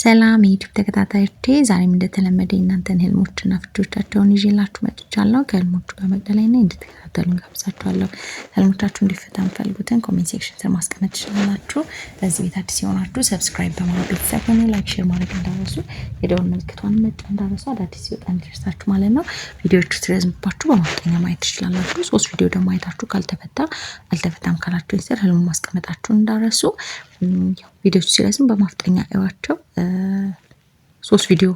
ሰላም የዩቲዩብ ተከታታዮቼ፣ ዛሬም እንደተለመደ የእናንተን ህልሞችና ፍቾቻቸውን ይዤላችሁ መጥቻለሁ። ከህልሞቹ ጋር መቅደላይ ነኝ። እንድትከታተሉን ጋብዛችኋለሁ። ህልሞቻችሁ እንዲፈታ ንፈልጉትን ኮሜንት ሴክሽን ስር ማስቀመጥ ትችላላችሁ። በዚህ ቤት አዲስ የሆናችሁ ሰብስክራይብ በማድረግ ቤተሰብ ሆኑ። ላይክ፣ ሼር ማድረግ እንዳረሱ፣ የደወል ምልክቷን መጫ እንዳረሱ፣ አዳዲስ ሲወጣ እንዲደርሳችሁ ማለት ነው። ቪዲዮዎቹ ሲረዝምባችሁ በማፍጠኛ ማየት ትችላላችሁ። ሶስት ቪዲዮ ደግሞ አይታችሁ ካልተፈታ አልተፈታም ካላችሁ ስር ህልሙ ማስቀመጣችሁን እንዳረሱ ቪዲዮች ሲረዝም በማፍጠኛ እዩዋቸው። ሶስት ቪዲዮ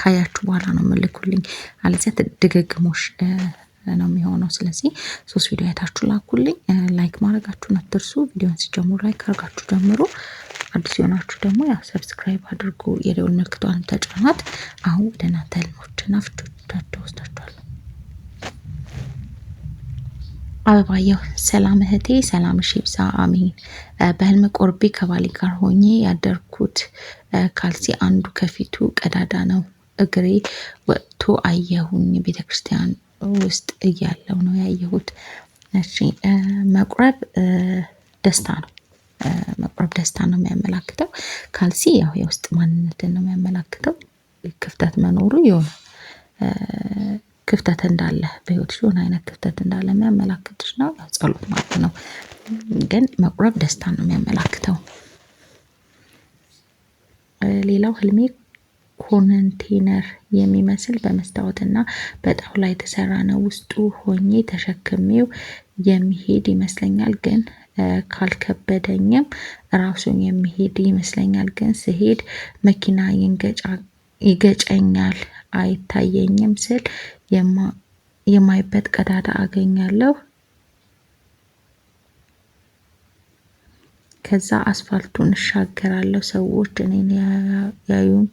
ካያችሁ በኋላ ነው የምልኩልኝ፣ አለዚያ ድግግሞሽ ነው የሚሆነው። ስለዚህ ሶስት ቪዲዮ አይታችሁ ላኩልኝ። ላይክ ማድረጋችሁን አትርሱ። ቪዲዮን ሲጀምሩ ላይክ አድርጋችሁ ጀምሩ። አዲስ የሆናችሁ ደግሞ ያው ሰብስክራይብ አድርጉ፣ የደውል ምልክቷን ተጫኗት። አሁን ወደ እናንተ ህልሞችና ፍቾቻቸው ወስዳችኋለሁ። አበባየሁ ሰላም እህቴ ሰላም ይብዛ አሜን። በህልም ቆርቤ ከባሌ ጋር ሆኜ ያደርኩት ካልሲ አንዱ ከፊቱ ቀዳዳ ነው። እግሬ ወጥቶ አየሁኝ። ቤተክርስቲያን ውስጥ እያለው ነው ያየሁት። መቁረብ ደስታ ነው። መቁረብ ደስታ ነው የሚያመላክተው። ካልሲ ያው የውስጥ ማንነትን ነው የሚያመላክተው። ክፍተት መኖሩ የሆነ ክፍተት እንዳለ በህይወትሽ የሆነ አይነት ክፍተት እንዳለ የሚያመላክትሽ ነው። ጸሎት ማለት ነው፣ ግን መቁረብ ደስታን ነው የሚያመላክተው። ሌላው ህልሜ ኮንቴነር የሚመስል በመስታወትና በጣውላ የተሰራ ነው። ውስጡ ሆኜ ተሸክሜው የሚሄድ ይመስለኛል፣ ግን ካልከበደኝም ራሱን የሚሄድ ይመስለኛል፣ ግን ስሄድ መኪና ይገጨኛል አይታየኝም ስል የማይበት ቀዳዳ አገኛለሁ። ከዛ አስፋልቱን እሻገራለሁ ሰዎች እኔን ያዩም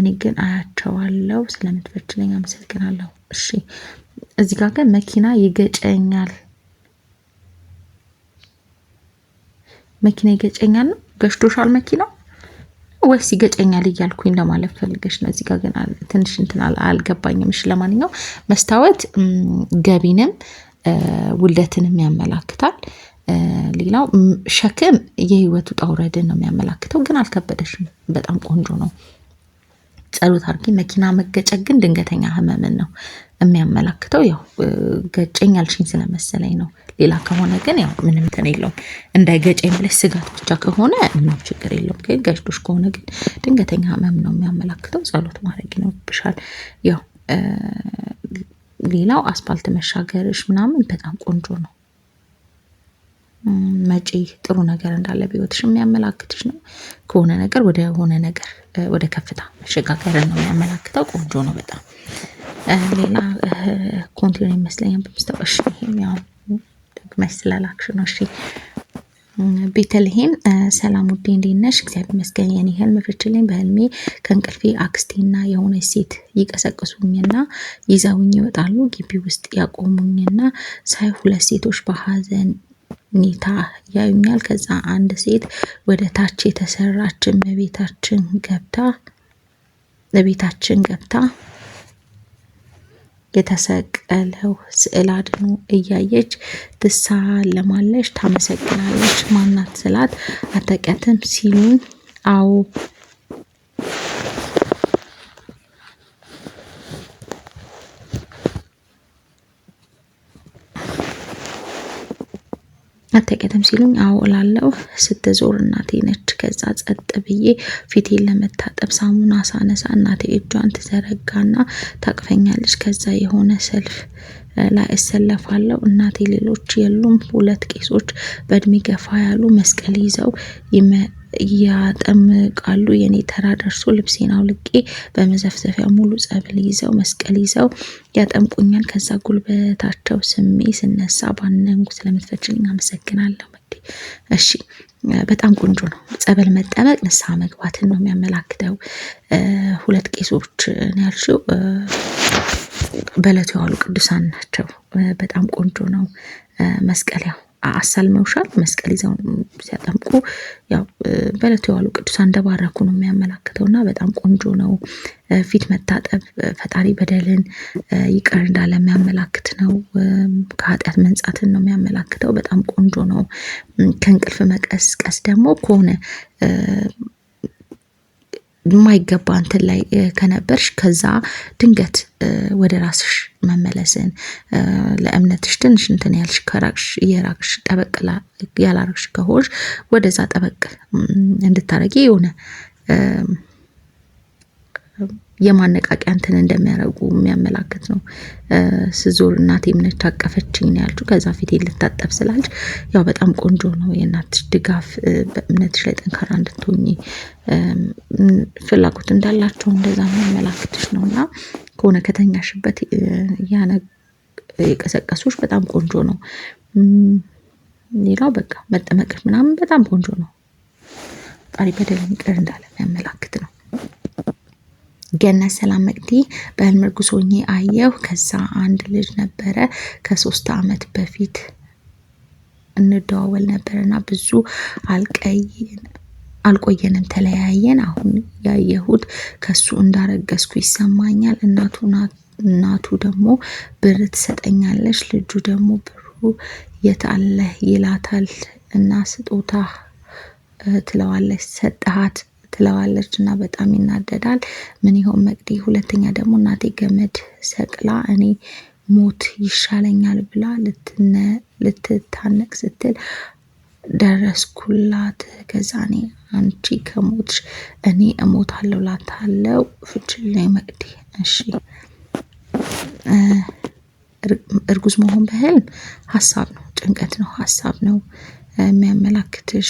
እኔ ግን አያቸዋለሁ። ስለምትፈችለኝ አመሰግናለሁ። እሺ እዚህ ጋር ግን መኪና ይገጨኛል። መኪና ይገጨኛል ነው ገሽቶሻል መኪናው ወይስ ይገጨኛል እያልኩኝ ለማለት ፈልገሽ ነው? እዚጋ ግን ትንሽ እንትን አልገባኝም። እሺ ለማንኛው መስታወት ገቢንም ውለትንም ያመላክታል። ሌላው ሸክም የህይወት ውጣ ውረድን ነው የሚያመላክተው። ግን አልከበደሽም፣ በጣም ቆንጆ ነው። ጸሎት አድርጌ መኪና መገጨት ግን ድንገተኛ ህመምን ነው የሚያመላክተው። ያው ገጨኝ ያልሽኝ ስለመሰለኝ ነው። ሌላ ከሆነ ግን ያው ምንም እንትን የለውም። እንደ ገጨኝ ብለሽ ስጋት ብቻ ከሆነ ምንም ችግር የለውም። ግን ገጭቶሽ ከሆነ ግን ድንገተኛ ህመም ነው የሚያመላክተው። ጸሎት ማድረግ ይኖርብሻል። ያው ሌላው አስፓልት መሻገርሽ ምናምን በጣም ቆንጆ ነው። መጪ ጥሩ ነገር እንዳለ በህይወትሽ የሚያመላክትሽ ነው። ከሆነ ነገር ወደ ሆነ ነገር ወደ ከፍታ መሸጋገርን ነው የሚያመላክተው። ቆንጆ ነው በጣም ሌላ ኮንቲኒ ይመስለኛል በምስተው እሺ፣ ያው ደግመሽ ስላላክሽ ነው። እሺ ቤተልሔም ሰላም ውዴ፣ እንዴት ነሽ? እግዚአብሔር ይመስገን። የኔ ህልም ፍችልኝ። በህልሜ ከእንቅልፌ አክስቴና የሆነች ሴት ይቀሰቅሱኝና ይዘውኝ ይወጣሉ። ግቢ ውስጥ ያቆሙኝና ሳይ ሁለት ሴቶች በሀዘን ኔታ ያዩኛል። ከዛ አንድ ሴት ወደ ታች የተሰራች በቤታችን ገብታ ለቤታችን ገብታ የተሰቀለው ስዕል አድኖ እያየች ትሳለማለች፣ ታመሰግናለች። ማናት ስላት አተቀትም ሲሉን አዎ አትቀደም ሲሉኝ አዎ እላለሁ። ስትዞር እናቴ ነች። ከዛ ጸጥ ብዬ ፊቴን ለመታጠብ ሳሙና ሳነሳ እናቴ እጇን ትዘረጋና ታቅፈኛለች። ከዛ የሆነ ሰልፍ ላይ እሰለፋለሁ። እናቴ ሌሎች የሉም፣ ሁለት ቄሶች በእድሜ ገፋ ያሉ መስቀል ይዘው ያጠምቃሉ። የኔ ተራ ደርሶ ልብሴን አውልቄ በመዘፍዘፊያ ሙሉ ጸብል ይዘው መስቀል ይዘው ያጠምቁኛል። ከዛ ጉልበታቸው ስሜ ስነሳ ባነንጉ ስለምትፈችልኝ አመሰግናለሁ። እሺ በጣም ቆንጆ ነው። ጸበል መጠመቅ ንስሐ መግባትን ነው የሚያመላክተው። ሁለት ቄሶች ነው ያልሽው፣ በእለቱ የዋሉ ቅዱሳን ናቸው። በጣም ቆንጆ ነው መስቀል ያው አሳልመውሻል መስቀል ይዘው ሲያጠምቁ ያው በዕለቱ የዋሉ ቅዱሳን እንደባረኩ ነው የሚያመላክተው እና በጣም ቆንጆ ነው። ፊት መታጠብ ፈጣሪ በደልን ይቅር እንዳለ የሚያመላክት ነው። ከኃጢአት መንጻትን ነው የሚያመላክተው። በጣም ቆንጆ ነው። ከእንቅልፍ መቀስቀስ ደግሞ ከሆነ የማይገባ እንትን ላይ ከነበርሽ ከዛ ድንገት ወደ ራስሽ መመለስን ለእምነትሽ ትንሽ እንትን ያልሽ ከራቅሽ እየራቅሽ ጠበቅ ያላረግሽ ከሆንሽ ወደዛ ጠበቅ እንድታረጊ የሆነ የማነቃቂያ እንትን እንደሚያደርጉ የሚያመላክት ነው። ስዞር እናቴም ነች ታቀፈችኝ ነው ያለችው። ከዛ ፊት ልታጠብ ስላለች ያው በጣም ቆንጆ ነው የእናትሽ ድጋፍ በእምነትሽ ላይ ጠንካራ እንድትሆኝ ፍላጎት እንዳላቸው እንደዛ የሚያመላክትሽ ነው እና ከሆነ ከተኛሽበት ያነ የቀሰቀሱሽ በጣም ቆንጆ ነው። ሌላው በቃ መጠመቅሽ ምናምን በጣም ቆንጆ ነው። ፈጣሪ በደል ይቅር እንዳለ የሚያመላክት ነው። ገነት ሰላም መቅዲ በህልም እርጉዝ ሆኜ አየሁ። ከዛ አንድ ልጅ ነበረ ከሶስት አመት በፊት እንደዋወል ነበርና ብዙ አልቆየንም ተለያየን። አሁን ያየሁት ከሱ እንዳረገዝኩ ይሰማኛል። እናቱ እናቱ ደግሞ ብር ትሰጠኛለች። ልጁ ደግሞ ብሩ የት አለ ይላታል እና ስጦታ ትለዋለች ሰጠሃት ትለዋለች እና በጣም ይናደዳል። ምን ይሆን መቅዲ? ሁለተኛ ደግሞ እናቴ ገመድ ሰቅላ እኔ ሞት ይሻለኛል ብላ ልትታነቅ ስትል ደረስኩላት። ከዛ እኔ አንቺ ከሞትሽ እኔ እሞታለሁ ላታለው ፍችላይ መቅዲ። እሺ እርጉዝ መሆን በህልም ሀሳብ ነው፣ ጭንቀት ነው፣ ሀሳብ ነው። የሚያመላክትሽ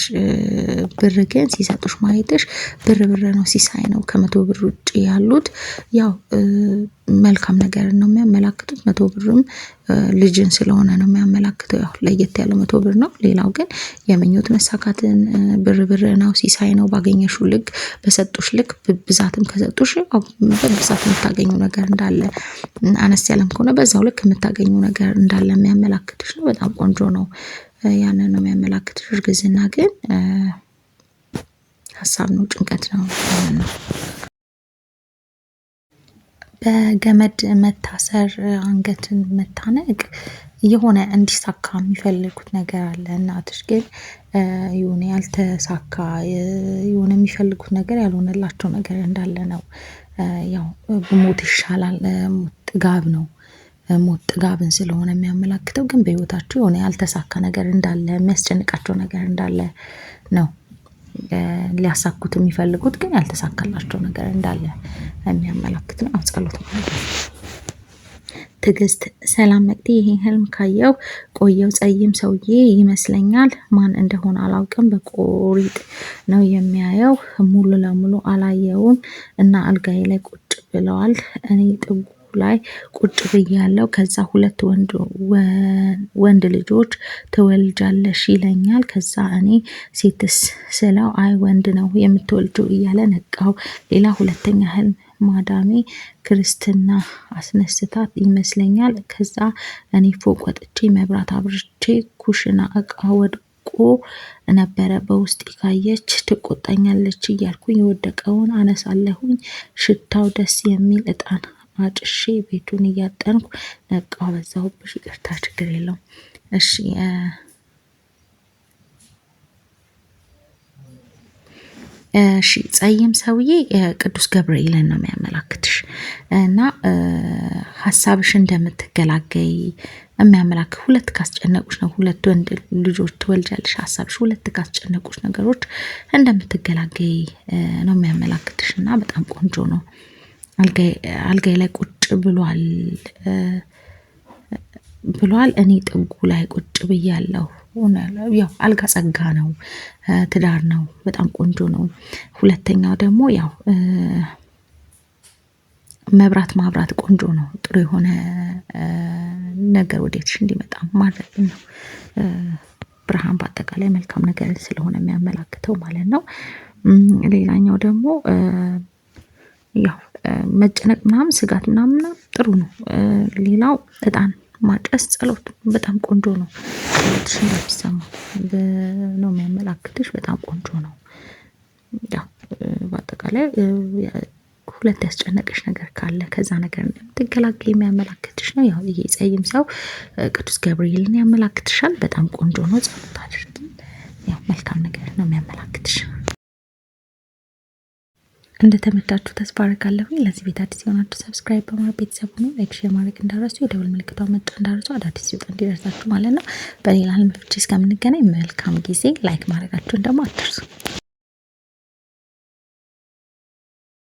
ብር ግን ሲሰጡሽ ማየትሽ ብር ብር ነው ሲሳይ ነው ከመቶ ብር ውጪ ያሉት ያው መልካም ነገር ነው የሚያመላክቱት መቶ ብርም ልጅን ስለሆነ ነው የሚያመላክተው ያው ለየት ያለ መቶ ብር ነው ሌላው ግን የምኞት መሳካትን ብር ብር ነው ሲሳይ ነው ባገኘሹ ልክ በሰጡሽ ልክ ብዛትም ከሰጡሽ በብዛት የምታገኙ ነገር እንዳለ አነስ ያለም ከሆነ በዛው ልክ የምታገኙ ነገር እንዳለ የሚያመላክትሽ ነው። በጣም ቆንጆ ነው። ያንን ነው የሚያመላክትሽ። እርግዝና ግን ሀሳብ ነው፣ ጭንቀት ነው ነው በገመድ መታሰር፣ አንገትን መታነቅ የሆነ እንዲሳካ የሚፈልጉት ነገር አለ። እናትሽ ግን የሆነ ያልተሳካ የሆነ የሚፈልጉት ነገር ያልሆነላቸው ነገር እንዳለ ነው። ያው ብሞት ይሻላል ጥጋብ ነው። ሞት ጥጋብን ስለሆነ የሚያመላክተው ግን በህይወታቸው የሆነ ያልተሳካ ነገር እንዳለ የሚያስጨንቃቸው ነገር እንዳለ ነው። ሊያሳኩት የሚፈልጉት ግን ያልተሳካላቸው ነገር እንዳለ የሚያመላክት ነው። ጸሎት ማለት ነው። ትዕግስት ሰላም መቅዲ ይሄን ህልም ካየው ቆየው ጸይም ሰውዬ ይመስለኛል። ማን እንደሆነ አላውቅም። በቆሪጥ ነው የሚያየው። ሙሉ ለሙሉ አላየውም እና አልጋዬ ላይ ቁጭ ብለዋል። እኔ ጥጉ ላይ ቁጭ ብያለሁ። ከዛ ሁለት ወንድ ልጆች ትወልጃለሽ ይለኛል። ከዛ እኔ ሴትስ ስለው አይ ወንድ ነው የምትወልጂው እያለ ነቃው። ሌላ ሁለተኛ ህልም ማዳሜ ክርስትና አስነስታት ይመስለኛል። ከዛ እኔ ፎቅ ወጥቼ መብራት አብርቼ ኩሽና እቃ ወድቆ ነበረ። በውስጥ ካየች ትቆጣኛለች እያልኩኝ የወደቀውን አነሳለሁኝ። ሽታው ደስ የሚል እጣን አጭሼ ቤቱን እያጠንኩ ነቃሁ። በዛሁብሽ፣ ይቅርታ፣ ችግር የለውም። እሺ እሺ ጸይም ሰውዬ ቅዱስ ገብርኤልን ነው የሚያመላክትሽ እና ሀሳብሽ እንደምትገላገይ የሚያመላክት ሁለት ካስጨነቁች ነው ሁለት ወንድ ልጆች ትወልጃለሽ። ሀሳብሽ ሁለት ካስጨነቁች ነገሮች እንደምትገላገይ ነው የሚያመላክትሽ እና በጣም ቆንጆ ነው። አልጋይ ላይ ቁጭ ብሏል ብሏል እኔ ጥጉ ላይ ቁጭ ብያለሁ። ያው አልጋ ጸጋ ነው፣ ትዳር ነው፣ በጣም ቆንጆ ነው። ሁለተኛው ደግሞ ያው መብራት ማብራት ቆንጆ ነው። ጥሩ የሆነ ነገር ወዴትሽ እንዲመጣ ማድረግ ነው። ብርሃን በአጠቃላይ መልካም ነገር ስለሆነ የሚያመላክተው ማለት ነው። ሌላኛው ደግሞ ያው መጨነቅ ምናምን ስጋት ምናምን ጥሩ ነው። ሌላው እጣን ማጨስ ጸሎት በጣም ቆንጆ ነው። ጸሎትሽ እንደሚሰማ ነው የሚያመላክትሽ። በጣም ቆንጆ ነው። ያው በአጠቃላይ ሁለት ያስጨነቀሽ ነገር ካለ ከዛ ነገር እንደምትገላገይ የሚያመላክትሽ ነው። ያው ይሄ ጸይም ሰው ቅዱስ ገብርኤልን ያመላክትሻል። በጣም ቆንጆ ነው። ጸሎት አድርግ። ያው መልካም ነገር ነው የሚያመላክትሽ። እንደተመቻችሁ ተስፋ አድርጋለሁ። ለዚህ ቤት አዲስ የሆናችሁ ሰብስክራይብ በማድረግ ቤተሰብ ሁኑ። ላይክ፣ ሼር ማድረግ እንዳረሱ፣ የደውል ምልክቷ መጫ እንዳረሱ፣ አዳዲስ ሲወጣ እንዲደርሳችሁ ማለት ነው። በሌላ ህልም ፍቺ እስከምንገናኝ መልካም ጊዜ። ላይክ ማድረጋችሁን ደግሞ አትርሱ።